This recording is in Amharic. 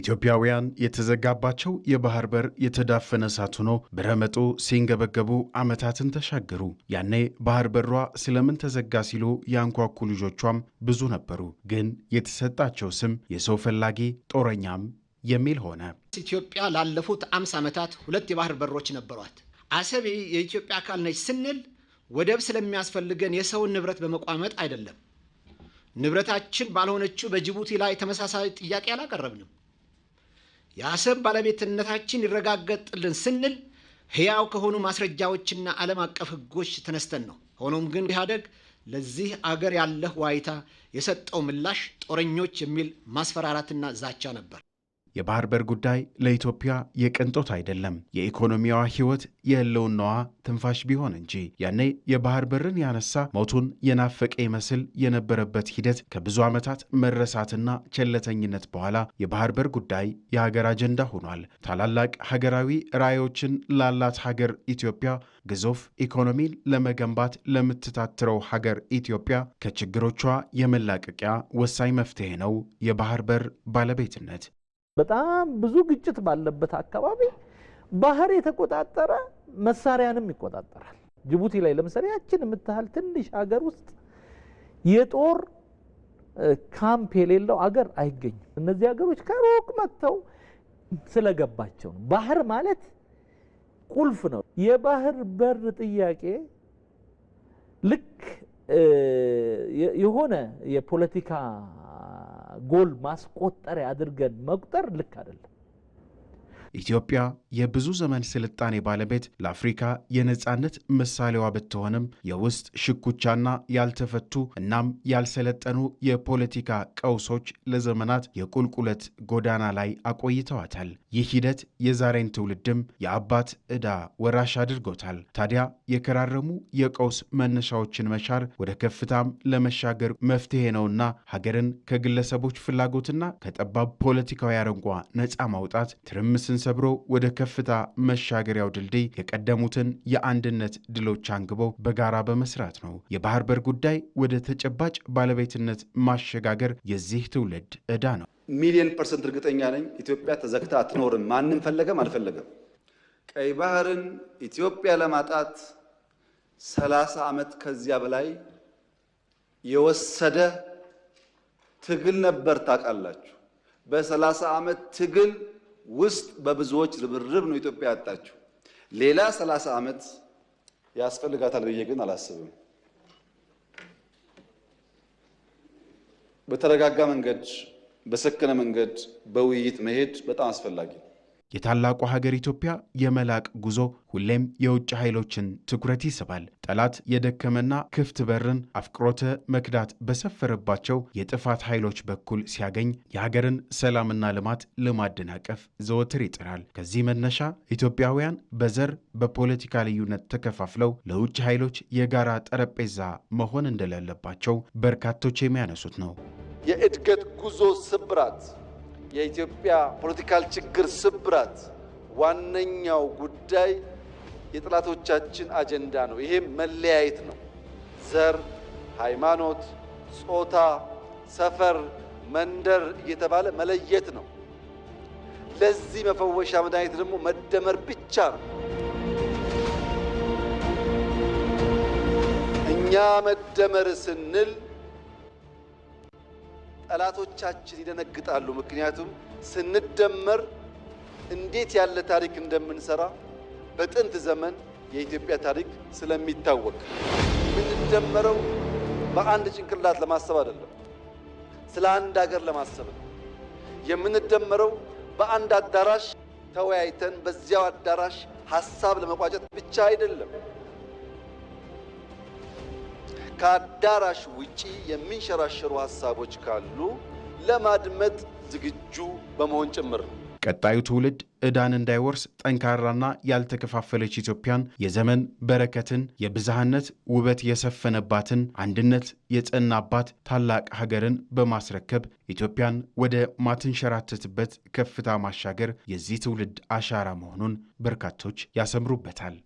ኢትዮጵያውያን የተዘጋባቸው የባህር በር የተዳፈነ እሳት ሆኖ በረመጡ ሲንገበገቡ ዓመታትን ተሻገሩ። ያኔ ባህር በሯ ስለምን ተዘጋ ሲሉ ያንኳኩ ልጆቿም ብዙ ነበሩ። ግን የተሰጣቸው ስም የሰው ፈላጊ ጦረኛም የሚል ሆነ። ኢትዮጵያ ላለፉት አምስት ዓመታት ሁለት የባህር በሮች ነበሯት። አሰብ የኢትዮጵያ አካል ነች ስንል ወደብ ስለሚያስፈልገን የሰውን ንብረት በመቋመጥ አይደለም። ንብረታችን ባልሆነችው በጅቡቲ ላይ ተመሳሳይ ጥያቄ አላቀረብንም። የአሰብ ባለቤትነታችን ይረጋገጥልን ስንል ሕያው ከሆኑ ማስረጃዎችና ዓለም አቀፍ ሕጎች ተነስተን ነው። ሆኖም ግን ኢህአደግ ለዚህ አገር ያለህ ዋይታ የሰጠው ምላሽ ጦረኞች የሚል ማስፈራራትና ዛቻ ነበር። የባህር በር ጉዳይ ለኢትዮጵያ የቅንጦት አይደለም፣ የኢኮኖሚዋ ሕይወት የህልውናዋ ትንፋሽ ቢሆን እንጂ። ያኔ የባህር በርን ያነሳ ሞቱን የናፈቀ ይመስል የነበረበት ሂደት ከብዙ ዓመታት መረሳትና ቸለተኝነት በኋላ የባህር በር ጉዳይ የሀገር አጀንዳ ሆኗል። ታላላቅ ሀገራዊ ራዕዮችን ላላት ሀገር ኢትዮጵያ፣ ግዙፍ ኢኮኖሚን ለመገንባት ለምትታትረው ሀገር ኢትዮጵያ ከችግሮቿ የመላቀቂያ ወሳኝ መፍትሄ ነው የባህር በር ባለቤትነት። በጣም ብዙ ግጭት ባለበት አካባቢ ባህር የተቆጣጠረ መሳሪያንም ይቆጣጠራል። ጅቡቲ ላይ ለምሳሌ ያችን የምታህል ትንሽ ሀገር ውስጥ የጦር ካምፕ የሌለው አገር አይገኝም። እነዚህ ሀገሮች ከሩቅ መጥተው ስለገባቸው ነው። ባህር ማለት ቁልፍ ነው። የባህር በር ጥያቄ ልክ የሆነ የፖለቲካ ጎል ማስቆጠሪያ አድርገን መቁጠር ልክ አይደለም። ኢትዮጵያ የብዙ ዘመን ስልጣኔ ባለቤት ለአፍሪካ የነፃነት ምሳሌዋ ብትሆንም የውስጥ ሽኩቻና ያልተፈቱ እናም ያልሰለጠኑ የፖለቲካ ቀውሶች ለዘመናት የቁልቁለት ጎዳና ላይ አቆይተዋታል። ይህ ሂደት የዛሬን ትውልድም የአባት ዕዳ ወራሽ አድርጎታል። ታዲያ የከራረሙ የቀውስ መነሻዎችን መሻር ወደ ከፍታም ለመሻገር መፍትሄ ነውና ሀገርን ከግለሰቦች ፍላጎትና ከጠባብ ፖለቲካዊ አረንቋ ነፃ ማውጣት ትርምስን ውጥረትን ሰብሮ ወደ ከፍታ መሻገሪያው ድልድይ የቀደሙትን የአንድነት ድሎች አንግበው በጋራ በመስራት ነው። የባህር በር ጉዳይ ወደ ተጨባጭ ባለቤትነት ማሸጋገር የዚህ ትውልድ ዕዳ ነው። ሚሊዮን ፐርሰንት እርግጠኛ ነኝ ኢትዮጵያ ተዘግታ አትኖርም። ማንም ፈለገም አልፈለገም ቀይ ባህርን ኢትዮጵያ ለማጣት ሰላሳ ዓመት ከዚያ በላይ የወሰደ ትግል ነበር። ታውቃላችሁ በሰላሳ ዓመት ትግል ውስጥ በብዙዎች ርብርብ ነው ኢትዮጵያ ያጣችው። ሌላ ሰላሳ ዓመት ያስፈልጋታል ብዬ ግን አላስብም። በተረጋጋ መንገድ፣ በሰከነ መንገድ፣ በውይይት መሄድ በጣም አስፈላጊ የታላቁ ሀገር ኢትዮጵያ የመላቅ ጉዞ ሁሌም የውጭ ኃይሎችን ትኩረት ይስባል። ጠላት የደከመና ክፍት በርን አፍቅሮተ መክዳት በሰፈረባቸው የጥፋት ኃይሎች በኩል ሲያገኝ የሀገርን ሰላምና ልማት ለማደናቀፍ ዘወትር ይጥራል። ከዚህ መነሻ ኢትዮጵያውያን በዘር በፖለቲካ ልዩነት ተከፋፍለው ለውጭ ኃይሎች የጋራ ጠረጴዛ መሆን እንደሌለባቸው በርካቶች የሚያነሱት ነው። የእድገት ጉዞ ስብራት የኢትዮጵያ ፖለቲካል ችግር ስብራት ዋነኛው ጉዳይ የጥላቶቻችን አጀንዳ ነው። ይሄም መለያየት ነው። ዘር፣ ሃይማኖት፣ ጾታ፣ ሰፈር፣ መንደር እየተባለ መለየት ነው። ለዚህ መፈወሻ መድኃኒት ደግሞ መደመር ብቻ ነው። እኛ መደመር ስንል ጠላቶቻችን ይደነግጣሉ። ምክንያቱም ስንደመር እንዴት ያለ ታሪክ እንደምንሰራ በጥንት ዘመን የኢትዮጵያ ታሪክ ስለሚታወቅ የምንደመረው በአንድ ጭንቅላት ለማሰብ አይደለም፣ ስለ አንድ ሀገር ለማሰብ ነው። የምንደመረው በአንድ አዳራሽ ተወያይተን በዚያው አዳራሽ ሀሳብ ለመቋጨት ብቻ አይደለም። ከአዳራሽ ውጪ የሚንሸራሸሩ ሀሳቦች ካሉ ለማድመጥ ዝግጁ በመሆን ጭምር ነው። ቀጣዩ ትውልድ ዕዳን እንዳይወርስ ጠንካራና ያልተከፋፈለች ኢትዮጵያን፣ የዘመን በረከትን፣ የብዝሃነት ውበት የሰፈነባትን፣ አንድነት የጸናባት ታላቅ ሀገርን በማስረከብ ኢትዮጵያን ወደ ማትንሸራተትበት ከፍታ ማሻገር የዚህ ትውልድ አሻራ መሆኑን በርካቶች ያሰምሩበታል።